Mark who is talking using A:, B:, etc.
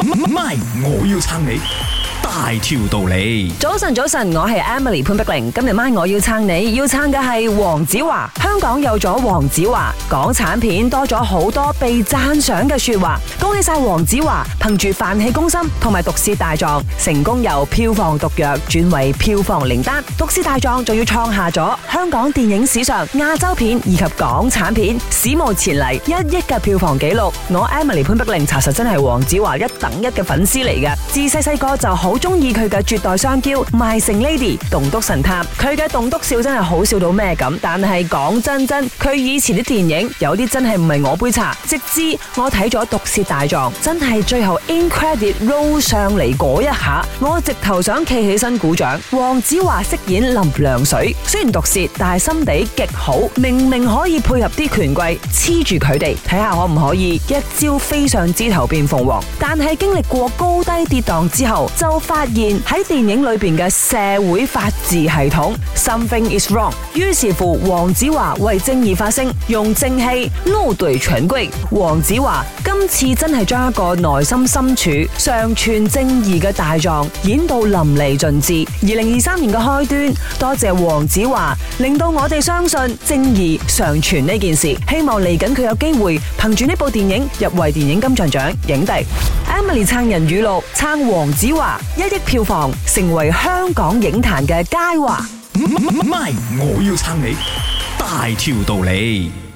A: 唔係，我要撐你。大條道理，
B: 早晨早晨，我係 Emily 潘碧玲，今日晚我要撐你，要撐嘅係黃子華。香港有咗黃子華，港產片多咗好多被讚賞嘅說話。恭喜晒黃子華，憑住飯戲攻心同埋毒舌大狀，成功由票房毒藥轉為票房靈丹。毒舌大狀仲要創下咗香港電影史上亞洲片以及港產片史無前例一億嘅票房紀錄。我 Emily 潘碧玲查實真係黃子華一等一嘅粉絲嚟嘅，自細細個就好。中意佢嘅絕代雙驕、My 盛 Lady、棟篤神探，佢嘅棟篤笑真係好笑到咩咁？但係講真真，佢以前啲電影有啲真係唔係我杯茶。直至我睇咗毒舌大狀，真係最後 Incredit roll 上嚟，嗰一下，我直頭想企起身鼓掌。黃子華飾演林涼水，雖然毒舌，但係心地極好，明明可以配合啲權貴黐住佢哋，睇下可唔可以一朝飛上枝頭變鳳凰。但係經歷過高低跌宕之後，就。發現喺電影裏邊嘅社會法治系統 something is wrong，於是乎黃子華為正義發聲，用正氣怒懟強權。黃子華今次真係將一個內心深處尚存正義嘅大狀演到淋漓盡致。二零二三年嘅開端，多謝黃子華令到我哋相信正義尚存呢件事。希望嚟緊佢有機會憑住呢部電影入圍電影金像獎影帝。今日撐人語錄，撐黃子華，一億票房，成為香港影
A: 壇嘅佳話。唔係、嗯嗯嗯，我要撐你，大條道理。